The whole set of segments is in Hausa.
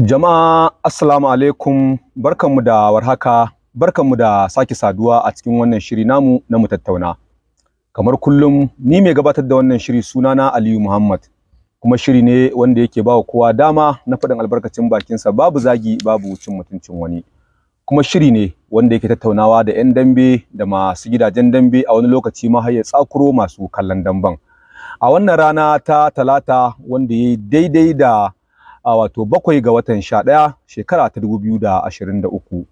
Jama'a assalamu alaikum barkanmu da warhaka barkanmu da sake saduwa a cikin wannan shiri namu na mu tattauna. Kamar kullum ni mai gabatar da wannan shiri sunana Aliyu Muhammad kuma shiri ne wanda yake ba kowa dama na faɗin albarkacin bakinsa babu zagi babu cin mutuncin wani. Kuma shiri ne wanda yake tattaunawa da 'yan dambe da masu gidajen dambe a wani lokaci ma har ya tsakuro masu kallon damben. A wannan rana ta talata wanda ya yi daidai da a wato bakwai ga watan sha ɗaya shekara ta dubu biyu da ashirin da uku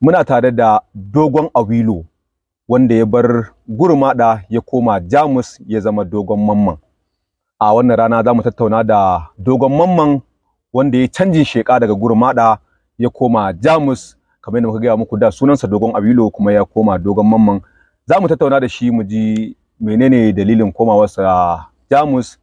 muna tare da dogon awilo wanda ya bar gurmaɗa ya koma jamus ya zama dogon mamman a wannan rana za mu tattauna da dogon mamman wanda ya canjin sheƙa daga gurmaɗa ya koma jamus kamar yadda muka gaya muku da sunansa dogon awilo kuma ya koma dogon mamman za mu tattauna da shi mu ji menene dalilin komawarsa jamus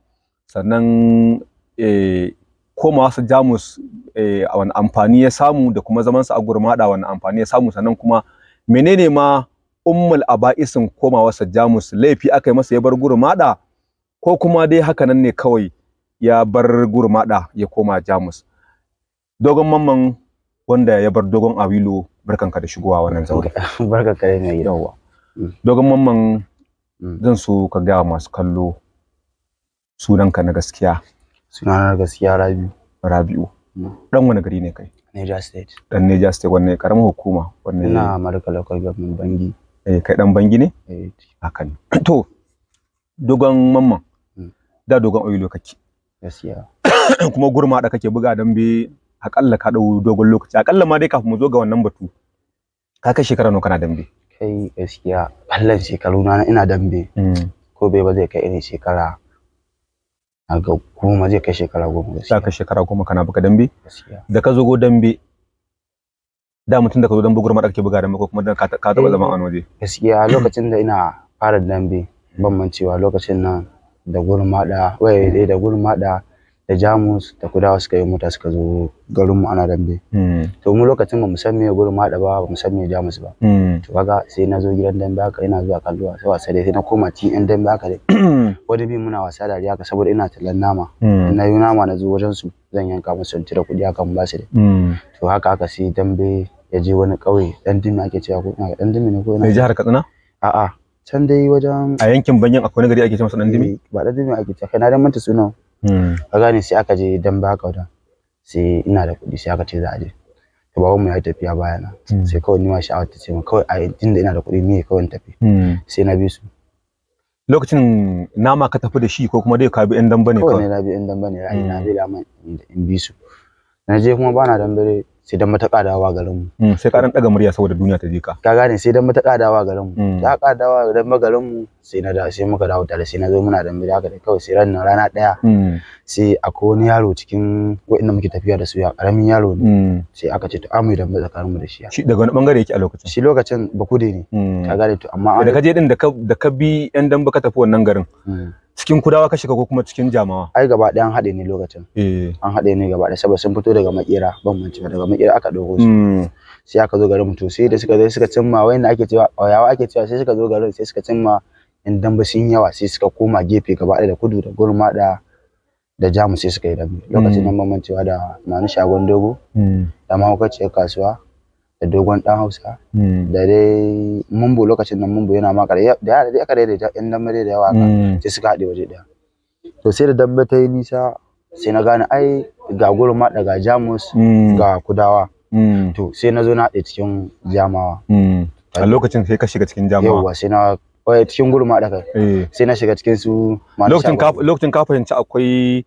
sannan eh, komawa su jamus eh, a wani amfani ya samu da kuma zaman su a gurmada wani amfani ya samu sannan kuma menene ma ummul aba'isin komawa su jamus laifi aka yi masa ya bar gurmada ko kuma dai haka nan ne kawai ya bar gurmada ya koma jamus dogon mamman wanda ya bar dogon awilo barkanka da shigowa wannan zaure barkanka da mai yawa mm. dogon mamman mm. zan so ka ga masu kallo sunanka na gaskiya sunanar gaskiya Rabi'u. Rabi'u. Dan mm. wani gari ne kai? Niger State. Dan Niger State wanne karamar hukuma wanne? na Amurka local government Bangi. Eh kai dan Bangi ne? Eh. Hakan. To dogon mamman. Mm. Da dogon oyilo kake. Gaskiya. Kuma gurma da kake buga dan bi akalla ka dau dogon lokaci akalla ma dai kafin mu zo ga wannan batu. Ka kai shekara nawa kana dambe? Kai gaskiya ballan shekaru na ina dambe. Mm. Ko bai ba zai kai irin shekara ga kuma zai kai shekara goma gaskiya ka shekara goma kana baka dambe da ka zo go dambe da mutum da ka zo dambe gurma da kake buga dambe ko kuma da ka taba zaman a waje eh, gaskiya lokacin da ina fara dambe ban mancewa lokacin nan da gurma da waye eh, da gurma da da jamus da kudawa suka yi mota suka zo garin mu ana dambe hmm. to mu lokacin ba mu san gurin ma ba ba mu san jamus ba hmm. to kaga sai na zo gidan dambe haka ina zuwa kalluwa sai wasa dai sai na koma ci yan dambe haka dai hmm. wani bi muna wasa da haka saboda ina tallan nama na yi nama na zo wajen su zan yanka musu in cire kuɗi haka mu basu dai to haka haka sai dambe ya je wani ƙauye dan dimi ake cewa ko ina dan dimi ne ko ina jihar Katsina a'a can dai wajen a yankin banyan akwai wani gari ake cewa dan dimi eh, ba dan dimi ake cewa kai na dan manta sunan Hmm. ka gane sai aka je dan ba kauta sai ina da kuɗi sai aka ce za a je to baban mu ya tafiya baya na hmm. sai kawai ni ma sha'awar ta ce ma. kawai a inda ina da kuɗi ni kawai tafi hmm. sai na bi su lokacin nama ka tafi da shi ko kuma dai ka bi 'yan damba ne kawai na bi 'yan damba ne rai na bi da man in bi su na je kuma bana bare sai dan mata kadawa garin mu sai ka dan daga murya saboda duniya ta je ka ka gane sai dan mata kadawa garin mu ta kadawa dan garin mu sai na da sai muka dawo tare sai na zo muna da mu haka da kawai sai ran rana daya mm. sai akwai wani yaro cikin wa'inda muke tafiya da su ya karamin yaro ne mm. sai aka ce to amu da mu tsakanin mu da shi shi daga wani bangare yake a lokacin shi lokacin bakude ne mm. ka gane to amma da ka je din da ka da ka bi yan dan baka tafi wannan garin cikin kudawa ka shiga ko kuma cikin jamawa ai gaba ɗaya an haɗe ne lokacin eh. an haɗe ne gaba ɗaya saboda sun fito daga makera ban manci ba daga makera aka ɗauko su sai aka zo garin to sai da suka zo suka cimma wayanda ake cewa ƙauyawa ake cewa sai suka zo garin sai suka cimma yan dambe sun yawa sai suka koma gefe gaba da kudu da gurma da da jamus sai suka yi dambe mm. lokacin nan mamancewa da manu shagon dogo mm. da mahaukaciyar kasuwa da dogon dan hausa mm. da dai mumbu lokacin nan mumbu yana makar da yara dai aka daidaita yan dambe da yawa sai suka haɗe waje ɗaya to sai da dambe ta yi nisa sai na gane ai ga gurma da ga jamus ga kudawa to sai na zo na haɗe cikin jamawa a lokacin sai ka shiga cikin jamawa yauwa sai na Eh, cikin gurma da kai eh. sai na shiga cikin su lokacin ka lokacin ka fahimci akwai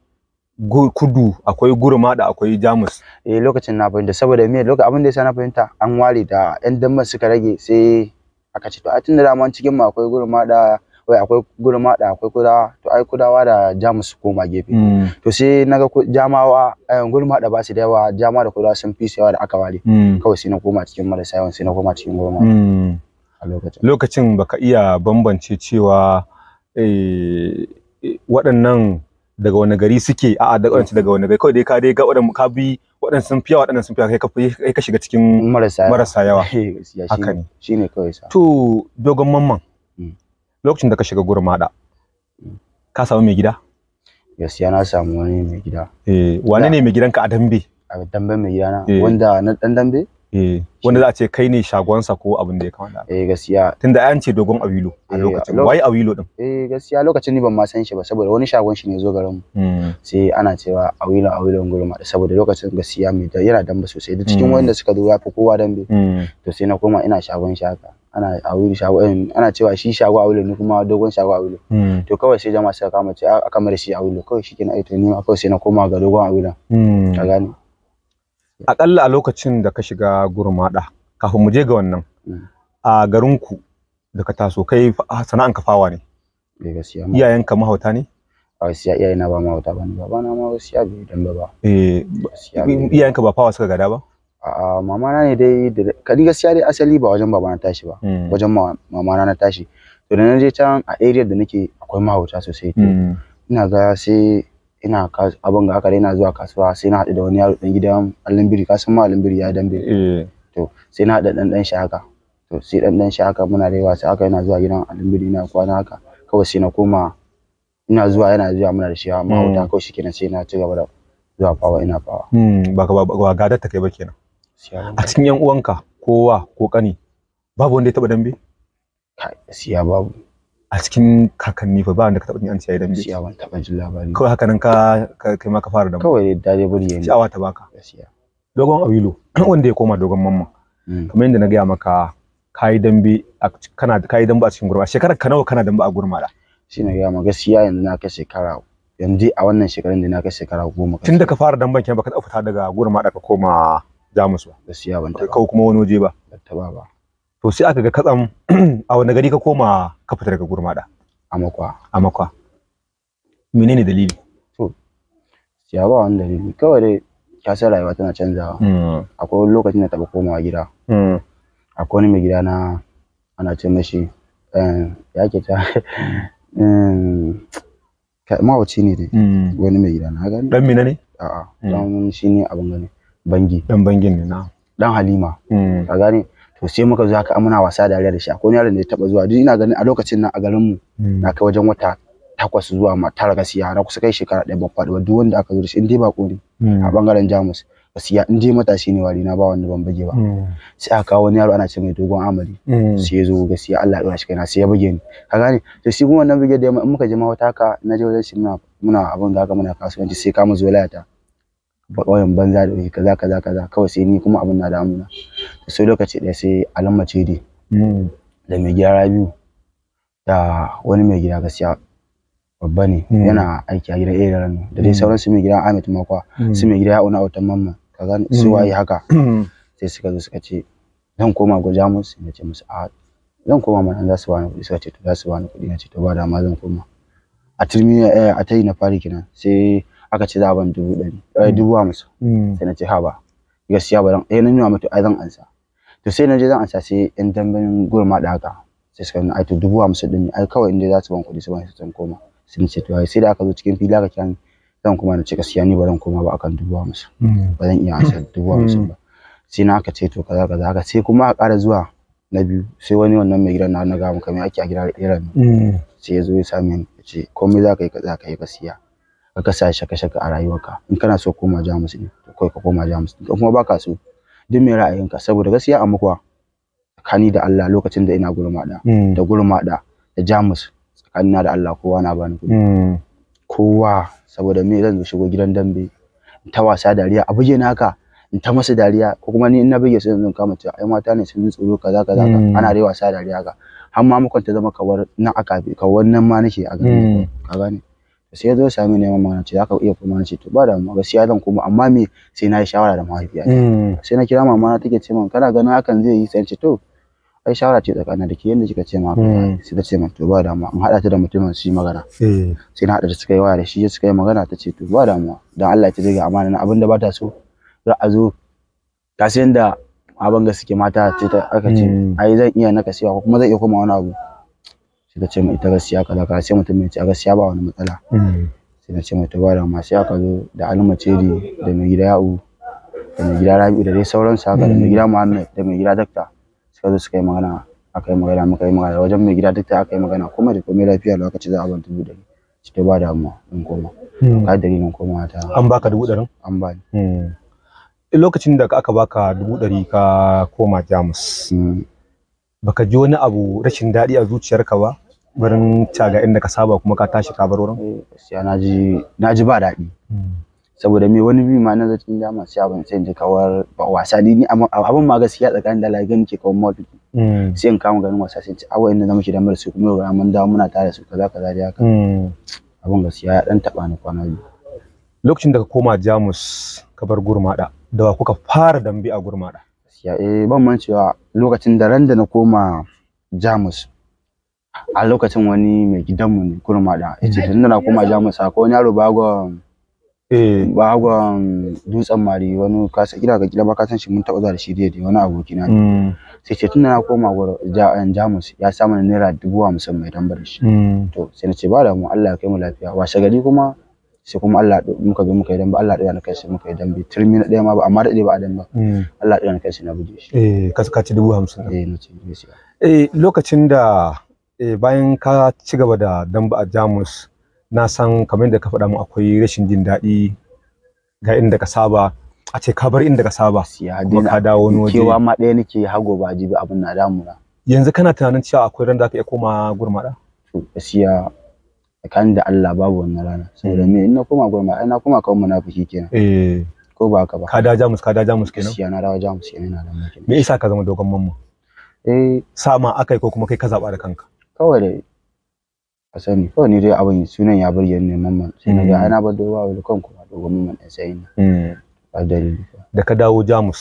kudu akwai gurma da akwai jamus eh lokacin na fahimta saboda me lokacin abin da yasa na fahimta an ware da yan damma suka rage sai aka ce to a tunda dama cikin mu akwai gurma da wai akwai gurma da akwai kuda to ai kudawa da jamus su koma gefe mm. to sai naga jamawa eh, gurma da ba su da yawa jama da kuda sun fi yawa da aka ware mm. kawai sai na koma cikin marasa yawan sai na koma cikin gurma lokacin baka iya bambance cewa eh, waɗannan daga wani gari suke a'a daga wani daga wani gari kawai dai ka dai ga waɗannan ka bi waɗannan sun fiya waɗannan sun fiya kai ka shiga cikin marasa yawa eh, haka ne shine kawai sa to dogon mamman hmm. lokacin da ka shiga da hmm. ka samu mai gida ya na samu wani mai gida eh wane ne mai gidanka a dambe a dambe mai gida na eh. wanda na dan dambe Eh, wanda za a ce kai ne shagonsa ko abin da ya kamata eh gaskiya tunda an ce dogon awilo a eh, lokacin wai awilo din eh gaskiya lokacin ni ban ma san shi ba saboda wani shagon shi ne zo garin mu hmm. sai ana cewa awilo awilo gurma saboda lokacin gaskiya mai yana damba sosai da cikin hmm. wanda suka zo yafi fi kowa dambe hmm. to sai na koma ina shagon shaka ana Awilo shago eh, ana cewa shi shago awilo ni kuma dogon shago awilo. to kawai sai jama'a suka kama ce aka mara shi awilo kawai shikenan ai to ni ma kawai sai na koma ga dogon awilo. ka gane akalla a lokacin da ka shiga gurmada kafin mu je ga wannan mm. a garin ku da ka taso kai sana'an ka fawa ne eh gaskiya iyayenka mahauta ne a gaskiya na ba mahauta bane na ma gaskiya bai dan ba eh ka ba fawa suka gada ba a'a mama na ne dai kadi gaskiya dai asali ba wajen na tashi ba mm. wajen mama na na tashi to da na je can a area da nake akwai mahauta sosai to mm. ina ga sai ina abin ga haka dai ina zuwa kasuwa sai na haɗu da wani yaro ɗan gidan alimbiri ka san ma alimbiri ya dambe eh. to sai na haɗa ɗan ɗan shi haka to sai ɗan ɗan shi haka muna da sai haka yana zuwa gidan alimbiri ina kwana haka kawai sai na koma ina zuwa yana zuwa muna da shi amma wuta hmm. kawai shi kenan sai na ci gaba da zuwa fawa ina fawa. Hmm, ba ba gadar ta kai ba kenan a cikin yan uwanka kowa ko kani babu wanda ya taɓa dambe? siya babu a cikin kakanni fa ba wanda ka taɓa jin an ce yayi dambe gaskiya ban taɓa jin labari kawai haka nan ka kai ma ka fara dambe kawai da dai buri yayi shawa ta baka dogon awilo wanda ya koma dogon mamma hmm. kamar yadda na ga maka kayi dambe kana kayi dambe a cikin gurma shekarar ka nawa kana dambe a gurma da shi na gaya ma gaskiya yanzu na kai shekara yanzu a wannan shekarun da na kai shekara goma tun da ka fara damban kenan baka taɓa fita daga gurma da ka koma jamus ba gaskiya ban taɓa kawai kuma wani waje ba ban taɓa ba to sai aka ga katsam a wani gari ka koma ka fita daga gurmada a makwa a makwa menene dalili to ya ba wani dalili kawai dai ka san rayuwa tana canzawa hmm. akwai wani lokacin da taba komawa gida hmm. akwai wani mai gida na ana ce mashi eh, ya ke ta eh, mawaci ne dai hmm. wani mai gida na gani dan mina ne a'a dan shi ne abin gani bangi dan bangin ne na dan halima ka gane to sai muka zo haka muna wasa dariya da shi akwai yaron da ya taba zuwa duk ina ganin a lokacin nan a garin mu hmm. na kai wajen wata takwas zuwa ma tara gaskiya na kusa kai shekara ɗaya ba faɗi ba duk wanda aka zo da shi in dai ba ƙuri hmm. a bangaren jamus gaskiya in dai matashi ne wari na ba wanda ban bage ba hmm. sai aka kawo wani yaro ana ce mai dogon amali sai ya zo gaskiya Allah ya dora shi kaina sai ya buge ni ka gane to shi kuma wannan buge da in muka je ma wata haka na je wajen shi muna muna abin da haka muna kasuwanci sai kama mu zo layata ƙauyen banza da wuri kaza kaza kaza kawai sai ni kuma abin na damuna sai lokaci ɗaya sai alamma ce dai da mai gida rabiu da wani mai gida gaskiya babba ne hmm. yana aiki a gidan irin nan da dai hmm. sauran su mai gida Ahmed Makwa hmm. su mai gida auna Autan Mamman ka gane su waye haka sai suka zo suka ce zan koma go Jamus na ce musu a zan koma mana za su bani kuɗi suka ce to za su bani kuɗi na ce to ba da ma zan koma a turmi eh, a tai na fari kenan sai aka ce za a ban dubu ɗari eh, dubu hamsin hmm. sai na ce ha ba gaskiya ba dan eh na nuna mutu ai zan ansa to sai na je zan ansa sai yan damben gurma da haka sai suka nuna ai to dubu hamsin din ai kawai inda za su ban kuɗi su ban su koma sai na ce to sai da aka zo cikin fili aka kyan zan kuma na ce gaskiya ni ba zan koma ba akan dubu hamsin hmm. ba zan iya ansa dubu hamsin ba sai na aka ce to kaza kaza haka sai kuma a ƙara zuwa na biyu sai wani wannan mai gidan na na gama kamar ake a gidan irin hmm. sai ya zo ya same ni ya ce komai za ka yi ka yi gaskiya ka kasa shaka-shaka a rayuwarka in kana so koma jamus ne kai ka koma jamus in kuma baka so duk mai ra'ayinka saboda gaskiya a mukuwa tsakani da Allah lokacin da ina gurmada hmm. da gurmada da jamus na da Allah kowa na bani kuɗi hmm. kowa saboda me zan shigo gidan dambe in ta wasa dariya a buge naka in ta masa dariya ko kuma ni in na buge su zan kama cewa ai mata ne sun tsoro kaza kaza hmm. ana rewa wasa dariya ka har ma mukan ta zama kawar nan aka kawar nan ma nake a gani ka gani sai ya zo sami neman magana ce ka iya kuma ce to ba da mu gaskiya zan koma amma me sai na yi shawara da mahaifiya mm. sai na kira mama na take ce min kana ganin hakan zai yi sai ce to ai shawara ce tsakanin da ke yanda kika ce ma mm. sai ta ce min to ba da mu in hada ta da mutumin shi magana eh. sai na hada ta suka yi waya da shi suka yi magana ta ce to ba da mu dan Allah ya ga amana na abinda ba ta so za a zo ta sai da abin ga suke mata ce ta aka ce mm. ai zan iya naka siya kuma zan iya koma wani abu sai ta ce mai ita gaskiya kaza k'a sai mutum mai ce gaskiya ba wani matsala hmm. sai na ce mai ta bada ma sai aka zo da alma cedi da mai gida ya'u da mai gida rabi'u da dai sauransu haka da mai gida muhammad da mai gida dakta suka zo suka yi magana aka yi magana muka yi magana wajen mai gida dakta aka yi magana kuma da komai lafiya lokaci za a ban dubu ɗari shi ta ba mu in koma hmm. ka in koma ta an baka dubu ɗarin an ba hmm. lokacin da aka baka dubu ɗari ka koma jamus baka ji wani abu rashin daɗi a zuciyarka ba barin caga inda ka saba kuma ka tashi ka bar wurin eh, gaskiya naji naji ba daɗi hmm. saboda me wani bi ma na zaci da ma sai ban sai in ji kawar wasa ni abin ma gaskiya tsakanin da lagani ke kawar mafi hmm. sai in kama ganin wasa sai in ce awa inda na muke da su kuma yau mun dawo muna tare su kaza kaza da haka hmm. abin gaskiya ya dan taɓa ni kwana biyu lokacin da ka koma Jamus ka bar Gurmada da wa kuka fara dambe a Gurmada gaskiya eh ban man cewa lokacin da randa na koma Jamus a lokacin wani mai gidanmu ne kurma da ya ce tun na koma jamus ko wani yaro bagon eh. bagon dutsen mari wani kasa gida ga gida ba ka san shi mun taɓa zuwa da shi dai wani aboki na mm. sai ce tun na koma eh, jamus ya samu naira dubu hamsin mai dambar shi mm. to sai na ce ba da mu Allah ya kai mu lafiya washe gari kuma sai kuma Allah muka zo muka yi dambe Allah ya kai shi muka yi dambe turmi na ɗaya ma ba amma da ɗaya ba a dambe mm. Allah ya kai shi na buje shi eh kaskaci dubu hamsin eh, eh lokacin da eh, bayan ka ci gaba da damba a jamus na san kamar da ka faɗa mu akwai rashin jin daɗi ga inda ka saba a ce ka bar inda ka saba kuma ka dawo wani waje kewa ma ɗaya nake hago ba ji abin na damuna yanzu kana tunanin cewa akwai ran da ka iya koma gurmada to gaskiya kan da Allah babu wannan rana saboda me mm. in na koma gurmada ai na koma kawai munafiki kenan eh ko ba haka ba ka da jamus ka da jamus kenan gaskiya na dawo jamus kenan na da me yasa ka zama dogon mamma eh sama akai ko kuma kai ka zaba da kanka kawai dai a sani kawai ni dai abin sunan ya bar yanne mamman sai na ga ana bar dogo da kan kuma dogon mamma ɗan sai na hmm. a dalili da ka dawo jamus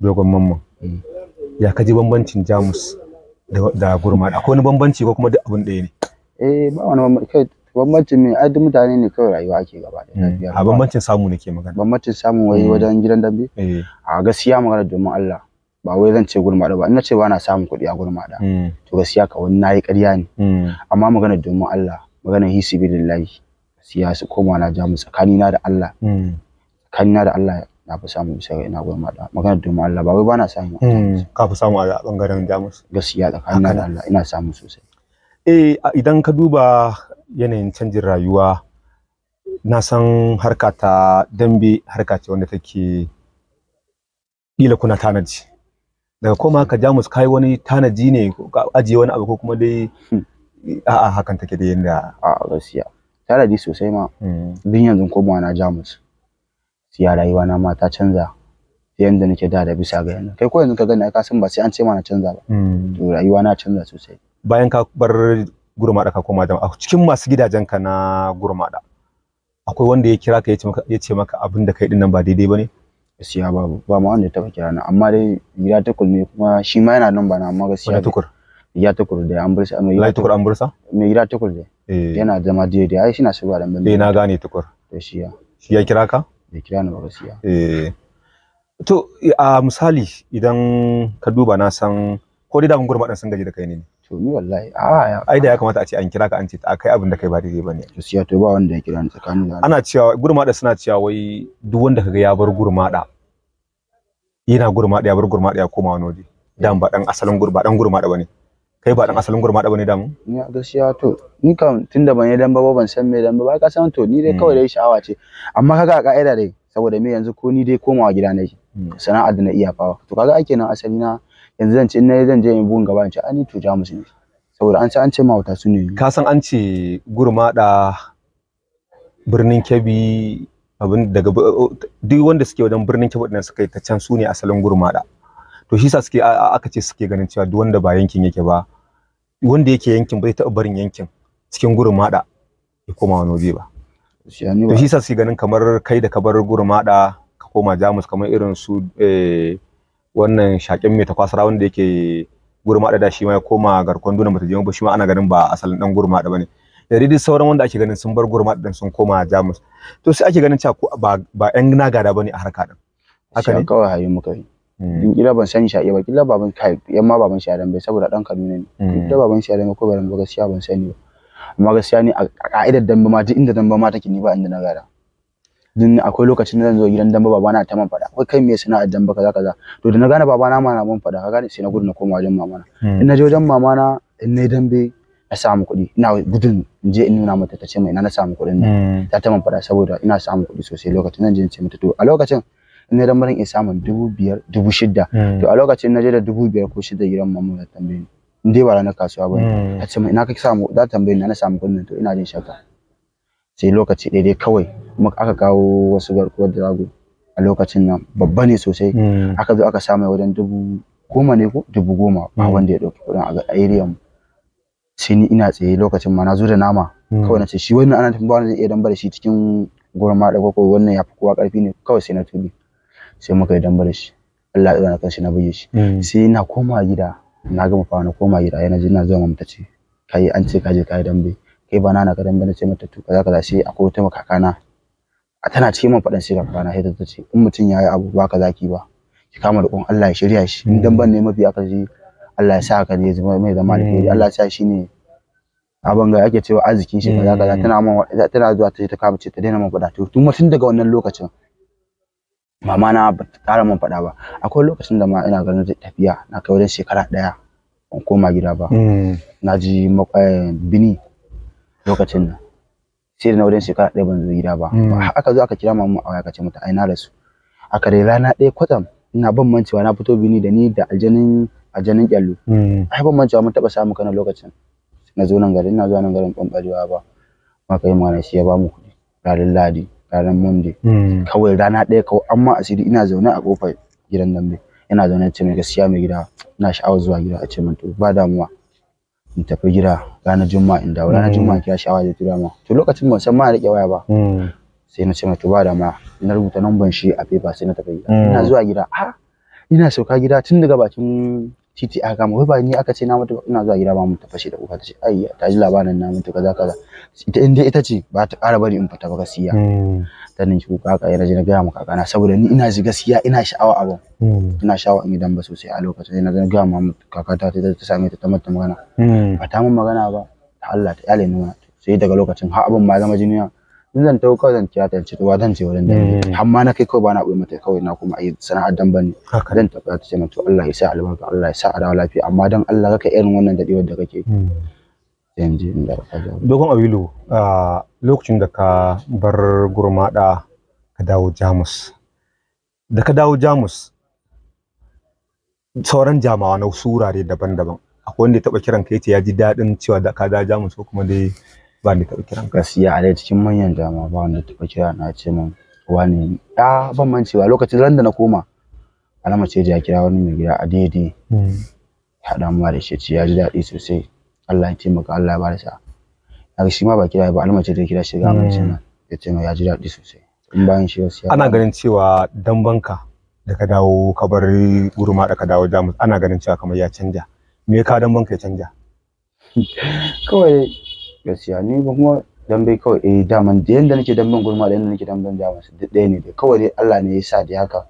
dogon mamma hmm. ya ka ji bambancin jamus da gurma akwai wani bambanci ko kuma duk abin ɗaya ne eh ba wani bambanci kai bambancin me ai duk mutane ne kawai rayuwa ake gaba da hmm. a bambancin samu nake magana bambancin samu wai wajen gidan dambe eh. a gaskiya magana domin Allah ba wai zan ce gulmaɗa ba ina ce ba na samun kuɗi a gulmaɗa hmm. to gaskiya ka wani nayi ƙarya ne hmm. amma magana domin Allah magana hisi billahi gaskiya su koma na jamu tsakani tsakanina da Allah hmm. tsakanina da Allah na fi samun sai ga ina gulmaɗa magana domin Allah ba wai ba na samun ka fi samu a bangaren jamus gaskiya na da Allah ina samu sosai eh idan ka duba yanayin canjin rayuwa na san harka ta dambe harka ce wanda take kila kuna tanaji daga koma ka jamus kai wani tanaji ne ajiye wani abu ko kuma dai hmm. a'a hakan take da yanda a gaskiya tanaji sosai ma bin hmm. yanzu koma na jamus siya rayuwa na ma ta canza yanda nake da da bisa ga yanzu kai ko yanzu ka gani ka san ba sai an ce ma na canza ba hmm. to rayuwa na canza sosai bayan ka bar gurmada ka koma jama'a cikin masu gidajen ka na gurmada akwai wanda ya kira ka ya ce maka abin da kai dinnan ba daidai bane gaskiya babu ba ma wanda ta kira na amma dai gida tukur ne kuma shi ma yana nan bana amma gaskiya tukur gida tukur da an bursa amma gida tukur an bursa me gida tukur da eh. yana zama dai dai ai shina shigowa dan eh na gane tukur to shi ya shi ya kira ka ya kira ni ba gaskiya eh to a misali idan ka duba na san ko dai da gungur ma dan san gaji da kai ne to ni wallahi a ai da ya kamata a ce an kira ka an ce a kai abin da kai ba daidai bane siya to ba wanda ya kira ni tsakanin da ana cewa gurmada suna cewa wai duk wanda kaga ya bar gurmada yana gurmada ya bar gurmada ya koma wani waje dan ba dan asalin gurmada dan gurmada bane kai ba dan asalin gurmada bane dan ni gaskiya to ni kam tunda ban yi dan ba ban san me dan ba ka san to ni dai hmm. kawai dai sha'awa ce amma kaga a ka'ida dai saboda me yanzu ko ni dai komawa gida ne hmm. sana'a da na iya fawa to kaga ake nan asali na yanzu zan ce in nayi zan je in bugun gaba in ce ani to jamus ne saboda an ce an ce mahauta su ne ka san an ce gurmada birnin kebi abin daga duk wanda suke wajen birnin kebi din suka yi ta can su ne asalin gurmada to shi sa suke aka ce suke ganin cewa duk wanda ba yankin yake ba wanda yake yankin ba zai taɓa barin yankin cikin gurmada ya koma wani waje ba to shi sa suke ganin kamar kai da ka bar gurmada ka koma jamus kamar irin su eh, wannan shakin mai takwasara wanda yake gurma da shi ma ya koma garkon duna bata je ba shi ma ana ganin ba asalin dan gurma da bane da dai sauran wanda ake ganin sun bar gurma da sun koma jamus to sai ake ganin cewa ko ba ba yan nagada bane a harka din haka ne kawai hayi muka yi in hmm. kila ban sani shaƙi ba kila baban kai yan ma baban shaɗan bai saboda dan Kaduna ne hmm. kila baban shaɗan ko bai ba gaskiya ban sani ba amma gaskiya ne a ka'idar dambe ma duk inda dambe ma take ni ba inda na gada din akwai lokacin da zan zo gidan damba na ta man fada. akwai kai me sana'ar damba kaza kaza to da na gane babana ma na man fada ka gane sai na gudu na koma wajen mama na. Hmm. in na je wajen mama na in na dambe na samu kuɗi ina gudun in je in nuna mata ta ce mai ina na samu kuɗin hmm. ta ta man fada saboda ina samu kuɗi sosai lokacin zan je in ce mata to a lokacin in na dambe in samu dubu biyar dubu shidda hmm. to a lokacin na je da dubu biyar ko shidda gidan mama ta tambaye ni in dai ba ranar kasuwa ba ta ce mai ina ka samu za ta tambaye ni na samu kuɗin to ina jin shakka sai lokaci ɗaya dai kawai kuma aka kawo wasu garkuwar drago a lokacin nan babba ne sosai hmm. aka zo aka samu wajen dubu goma ne ko dubu goma ba hmm. wanda ya ɗauki kuɗin a area mu sai ni ina tsaye lokacin ma na zo da nama hmm. kawai na ce shi wannan ana tafi ba wanda zai iya damba da shi cikin ma da ko wannan ya fi kowa ƙarfi ne kawai sai na tubi sai muka yi damba da shi Allah ya kan shi na buge shi sai na koma gida na gama fa na koma gida yana jin na zuwa mamta ce kai an ce ka je ka yi dambe kai ba na ka dambe na ce mata to kaza kaza sai akwai wata na. tana cikin man faɗan sirrin rana sai ta ce in mutum ya yi abu ba ka zaki ba ki kama roƙon Allah ya shirya shi in dan ban ne mafi aka ji Allah ya sa ka ne zama mai zama alheri Allah ya sa shi ne a banga ake cewa arzikin shi kaza kaza tana tana zuwa ta ce ta kama ce ta daina man faɗa to tun Mutum daga wannan lokacin mama na ba ta ƙara man faɗa ba akwai lokacin da ma ina ganin tafiya na kai wajen shekara ɗaya ban koma gida ba mm. na ji eh, bini lokacin nan sai da na wajen shekara ɗaya ban zo gida ba hmm. aka zo aka kira mamu a waya kace mata ai na rasu aka dai rana ɗaya kwatsam ina ban mancewa na fito bini da ni da aljanin aljanin kyallo hmm. ai ban mancewa mun taɓa samu kana lokacin na zo nan garin na zo nan garin ɓanɓarewa ba maka yi magana shi ya ba mu kuɗi ranar ladi ranar monday hmm. kawai rana ɗaya kawai amma asiri ina zaune a kofar gidan dambe ina zaune ce mai gaskiya mai gida ina sha'awar zuwa gida a ce mun to ba damuwa in tafi gida ranar juma'a in dawo ranar mm. juma'a kira shawa da tura ma to lokacin ban san ma rike waya ba mm. sai na ce mai ba da ma na rubuta namban shi a paper sai na tafi gida mm. ina zuwa gida a ah! ina sauka gida tun daga bakin titi aka kama wai ba ni aka ce na mutu ina zuwa gida ba mu tafashe da uka tace ai ta ji labarin na mutu kaza kaza ita inda ita ce ba ta ƙara bari in fita ba gaskiya hmm. ta ninki kuka kaka yana ji na mu maka na. saboda ni ina ji gaskiya ina sha'awa abu. Hmm. ina sha'awa in gidan ba sosai a lokacin yana zan ga mu kaka ta ta same ta ta mata magana hmm. ba ta mun magana ba Allah ta yale nuna sai daga lokacin har abin ma zama jiniya in zan tawo kawai zan tiyata ce ba zan ce wurin da eh. amma na kai kawai ba na ɓoye mata kawai na kuma ayi sana'ar dan bane zan tafi ta ce mata Allah ya sa albarka Allah ya sa a dawo lafiya amma dan Allah kaka irin wannan dadewar da kake ji hmm. inda ka ga dogon awilo a lokacin da ka bar gurmada ka dawo Jamus da ka dawo Jamus sauran jamawa na wasu wurare daban-daban akwai wanda ya taba kiran ka ce ya ji dadin cewa da ka dawo Jamus ko kuma dai ba ni taɓa kiran gaskiya a dai cikin manyan jama'a ba wanda ta kira na ce min wani da ban mancewa lokacin ran da na koma alama ce ya kira wani mai gida a daidai hmm. haɗa mu da shi ya ji daɗi sosai Allah ya taimaka Allah ya ba da sa a shi ma ba kira ba alama ce da kira shi ga mai nan ya ce ya ji daɗi sosai in bayan shi wasu ana ganin cewa dan banka da ka dawo ka bar gurma da ka dawo jamus ana ganin cewa kamar ya canja me ka dan banka ya canja kawai gaskiya ni ba kuma dambe kawai eh daman da yanda nake damben gurma da yanda nake damben su duk ɗaya ne dai kawai dai Allah ne ya sa da haka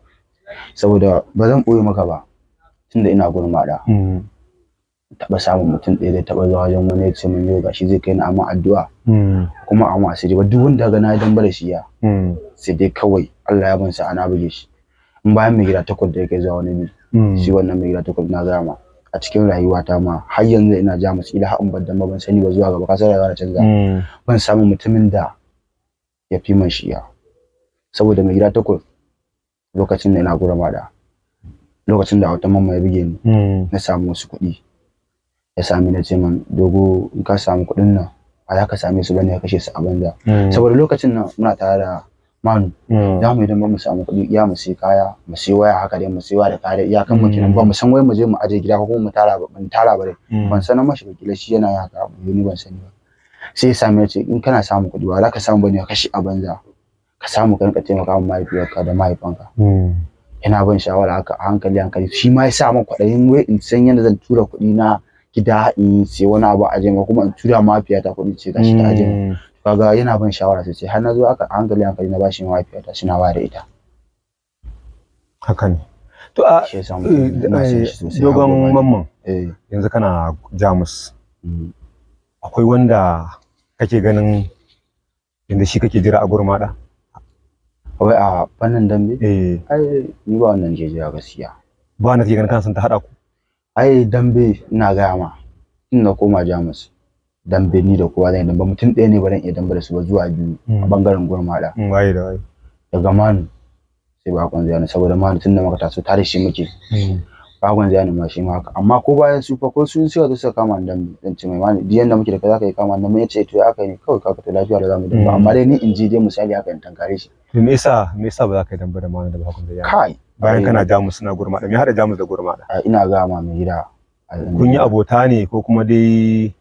saboda ba zan ɓoye maka ba tunda ina gurma da mm. taɓa samun mutum ɗaya da taɓa zuwa wajen wani ya ce min yau shi zai kai ni amma addu'a mm. kuma a asiri ba duk wanda ga na dambe da shi ya mm. sai dai kawai Allah ya bansa ana buge shi in bayan mai gida takwas da ya kai zuwa wani ne. shi wannan mai gida takwas na zama. a cikin rayuwata ma har yanzu ina ja musu ila ha'in baddan dama ban sani ba zuwa gaba ka rayuwa na canza hmm. ban samu mutumin da ya fi man shiya saboda mai gida takwas lokacin da ina gura da lokacin da wata mamma ya buge ni hmm. na samu wasu kuɗi ya sami na ce man dogo in ka samu kuɗin nan a za ka same su bane ka kashe su a banza hmm. saboda lokacin nan muna tare da manu mm. za mu idan ba mu samu kuɗi iya mu sai kaya mu sai waya haka dai mu sai waya da kaya da kan mu mm. ba mu san wai mu je mu aje gida ko kuma mu tara ba mu tara ba dai mm. ban sanar mashi ba kila shi yana yin haka abu ni ban sani ba sai ya ce in kana samu kuɗi ba za ka samu bane kashi a banza ka samu ka rinka taimaka wa mahaifiyarka da mahaifanka yana ban shawara haka a hankali hankali shi ma ya sa min kwaɗayin wai in san yadda zan tura kuɗi na gida in sai wani abu a ma kuma in tura mahaifiyata kuɗi ce gashi ta aje kaga yana ban shawara sosai har na zo aka hankali hankali na bashi mahaifiyata suna wa da ita haka ne to a eh, eh, dogon mamman eh. yanzu kana jamus mm. akwai wanda kake ganin inda shi kake jira a gurmada wai a fannin dambe eh ai ni ba wannan ke jira gaskiya ba na ke ganin kansan ta hada ku ai dambe ina gaya ma ina koma jamus dambe ni da kowa zai yi dambe mutum ɗaya ne ba zan iya dambe da su ba zuwa biyu a hmm. bangaren gurmaɗa. Hmm, waye da waye. Daga Manu sai bakon ziyani saboda Manu tun da makata taso tare shi muke. Hmm. Bakon ziyani ma shi ma haka amma ko bayan su fa ko sun sai wato suka kama dan dan ce mai Manu biyan da muke da kaza kai kama dan mai ce to ya aka ne kawai ka fita lafiya da zamu dambe amma dai ni in ji dai misali haka in tankare shi. Me yasa me yasa ba za ka yi dambe da Manu da bakon ziyani? Kai. Bayan kana jamus suna gurmaɗa me da jamus da gurmaɗa? Ina ga ma mai gida. Kun yi abota ne ko kuma dai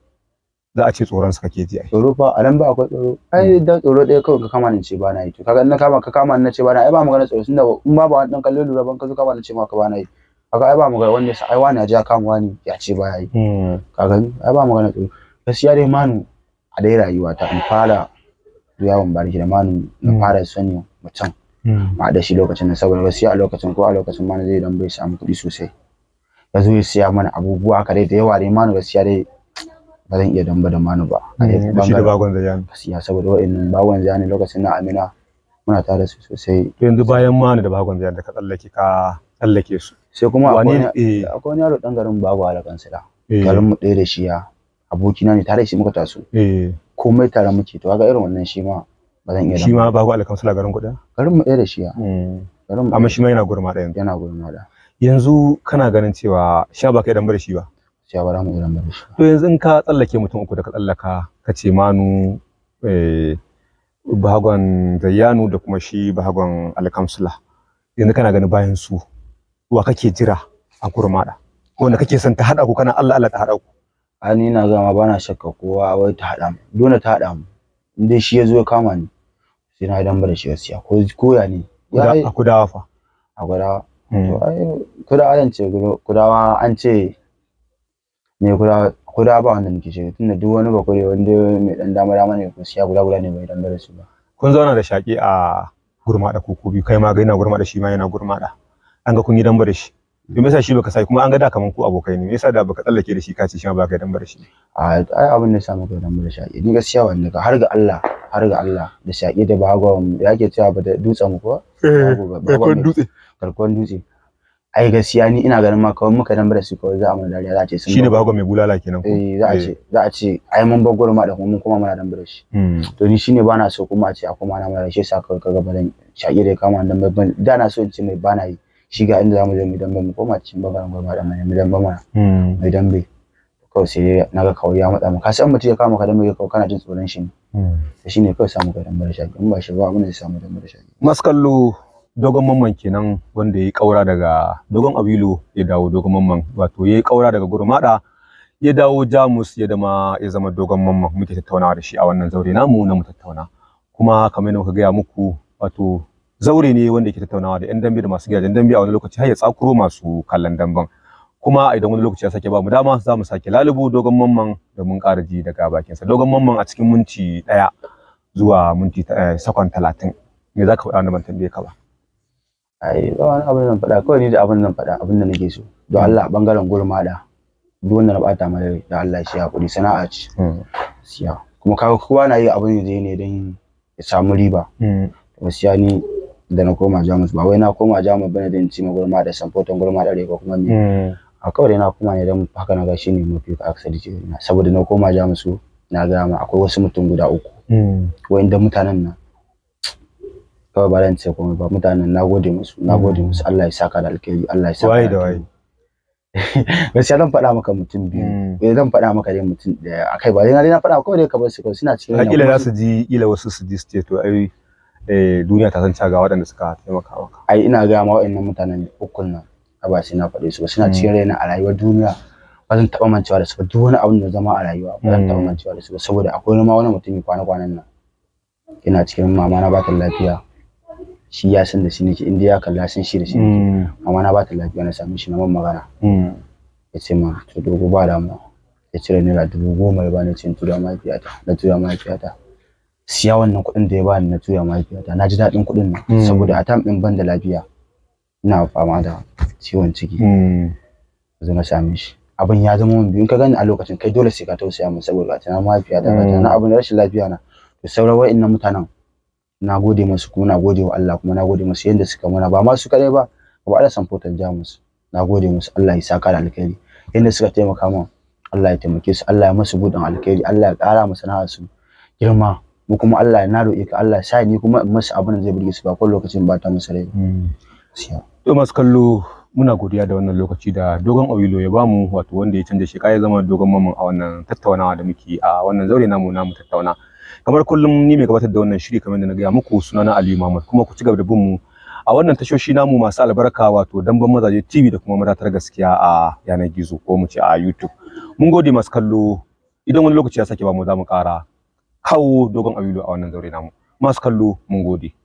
za a ce tsoron su kake ji ai tsoro fa a nan ba akwai tsoro ai hmm. da tsoro ɗaya kawai ka kama ni ce ba na yi to kaga in na kama ka kama ni na ce ba na ai ba magana tsoro tunda in ba ba wani dan kallon lura ban ka zo kama ni ce ma ka ba na yi kaga ai ba magana wanda ai wani ya ja kama wani ya ce ba yi hmm. kaga ai ba magana tsoro gaskiya dai manu a dai rayuwa ta in fara ya yawon bariki da manu na hmm. fara sani mutum ma da shi lokacin nan saboda gaskiya a lokacin ko a lokacin manu zai dan bai samu kuɗi sosai ya zo ya siya mana abubuwa kare da yawa dai manu gaskiya dai ba zan iya damba da manu ba eh, da shi da bagon zayani gaskiya saboda wa'annan bagon zayani lokacin na amina muna tare su sosai yanzu bayan manu da bagon zayani da ka tsallake ka tsallake su sai kuma akwai eh. wani yaro dan garin babu alakan sila eh. garin mu ɗaya da shi ya abokina ne tare shi muka taso komai tare muke to kaga irin wannan shi ma ba zan iya shi ma babu alakan sila garin kuɗa garin mu ɗaya da shi ya amma shi ma yana gurma yanzu yana gurma yanzu kana ganin cewa sha ba kai dan shi ba cewa mu iya lambar to yanzu in ka tsallake mutum uku da ka tsallaka ka ce manu eh, bahagon zayyanu da kuma shi bahagon alkamsula yanzu kana gani bayan su wa kake jira a kurmada wanda kake son ta hada ku kana Allah Allah ta hada ku ni na zama ma bana shakka kowa wai ta hada mu dole ta hada mu in shi ya zo ya kama ni sai na dan bar shi gaskiya ko ko ya ne a kudawa fa a kudawa hmm. to ai kudawa an ce kudawa an ce ne kuda kuda ba wanda muke shiga tunda duk wani bakure wanda mai dan dama dama ne ko siya guda guda ne bai dan darasu ba kun zauna da shaki a gurmada ko kobi kai ma ga yana gurmada shi ma yana gurmada an ga kun yi damba da shi to me yasa shi baka sai kuma an ga da kaman ku abokai ne me yasa da baka tsallake da shi ka ce shi ma baka damba da shi a ai abin da samu kai damba da shaki ni gaskiya wanda ka har ga Allah har ga Allah da shaki da bagon yake cewa ba da dutsen ko ba eh, ba dutse karkon dutse ai gaskiya ni ina ganin ma kawai muka damba da su kawai za a mana dariya za a ce sun shine bago mai bulala kenan eh za a eh. ce za a ce ai mun bar ma da kuma mun kuma muna damba da shi hmm. to ni shine bana so kuma a ce a kuma na mara shi yasa kawai kaga bazan shaƙi da kama dan babban da na so in ce mai bana yi shi ga inda zamu je mu damba mu koma cikin bangaren gurin ma da mu dambe mana mai hmm. dambe kawai sai na ga kawai ya matsa mu ka san mutum ya kama ka dambe ya kawai kana jin tsoron shi ne hmm. shine kawai samu ka damba da shaƙi ba shi ba mun sai samu damba shi shaƙi maskallo dogon mamman kenan wanda ya kaura daga dogon abilu ya dawo dogon mamman wato ya kaura daga gurmada ya dawo jamus ya dama ya zama dogon mamman muke tattaunawa da shi a wannan zaure namu na mu tattauna kuma kamar yadda muka gaya muku wato zaure ne wanda yake tattaunawa da yan dambe da masu gidajen dambe a wani lokaci har ya tsakuro masu kallon damben kuma idan wani lokaci ya sake ba mu dama za mu sake lalubu dogon mamman da mun ƙara ji daga bakinsa dogon mamman a cikin minti ɗaya zuwa minti eh, sakon talatin me za ka faɗa wanda ban tambaye ka ba ai ba wani abin zan faɗa kawai ni da abin zan faɗa abin da nake so don Allah bangaren gulma da. duk wanda na bata mai da Allah shi hakuri sana'a ce hmm. siya kuma kaga kowa na yi abin da ne don ya samu riba hmm. gaskiya ni da na koma Jamus ba wai na koma Jamus bane don ci gurma da sanfoton gurma da ko kuma me hmm. a kawai na koma ne don haka na ga shi ne mafi ka aksari saboda na koma Jamus na ga akwai wasu mutum guda uku wa'inda mutanen nan kawai ba zan ce komai ba mutanen na gode musu na mm. gode musu Allah ya saka da alkhairi Allah ya saka waye da waye gaskiya zan faɗa maka mutum biyu mm. eh zan faɗa maka dai mutum ɗaya akai ba dai na fada ko faɗa maka kawai dai ka bar su kawai suna cikin kila za su ji ila wasu su ji su ce to ai eh, duniya ta san ga waɗanda suka taimaka maka ai ina ga ma waɗannan mutanen ukun nan a ba sai na faɗe su ba suna mm. cikin raina a rayuwar duniya ba zan taɓa mancewa da su ba duk wani abin da zama a rayuwa ba zan taɓa mancewa da su ba saboda akwai ma wani mutum kwana-kwanan nan ina cikin mama na ba ta lafiya shi ya san da shi in inda ya kalla san shi da shi ne hmm. amma na ba ta lafiya na sami shi na man magana hmm. ya ce ma to dogo ba ma. ya cire naira dubu goma ya bani cin tura mahaifiyata na tura mahaifiyata siya wannan kuɗin da ya bani na tura mahaifiyata na ji daɗin kuɗin nan hmm. saboda a tam ɗin ban da lafiya ina fama da ciwon ciki zai na sami shi abin ya zama biyu ka gani a lokacin kai dole sai ka tausaya min saboda ga tana mahaifiyata ga tana abin rashin lafiya na to sauran wa'annan mutanen na gode masu kuma na gode wa Allah kuma na gode masu yadda suka mana ba ma su ba ba Allah san fotan jamus na gode musu Allah ya saka da alkhairi yadda suka taimaka mu Allah ya taimake su Allah ya masu buɗin alkhairi Allah ya ƙara musu na su girma mu kuma Allah ya na roƙe ka Allah sa ni kuma in masu abin da zai burge su ba kullum lokacin ba ta masa rai hmm. to masu kallo muna godiya da wannan lokaci da dogon awilo ya bamu wato wanda ya canza shi ya zama dogon mamman a wannan tattaunawa da muke a wannan zaure namu namu tattauna kamar kullum ni mai gabatar da wannan shiri kamar da na gaya muku sunana Aliyu Muhammad kuma ku ci gaba da bin mu a wannan tashoshi namu masu albarka wato damban mazaje TV da kuma madatar gaskiya a yanar gizo ko mu ce a YouTube mun gode masu kallo idan wani lokaci ya sake ba mu za mu ƙara kawo dogon awilu a wannan zaure namu masu kallo mun gode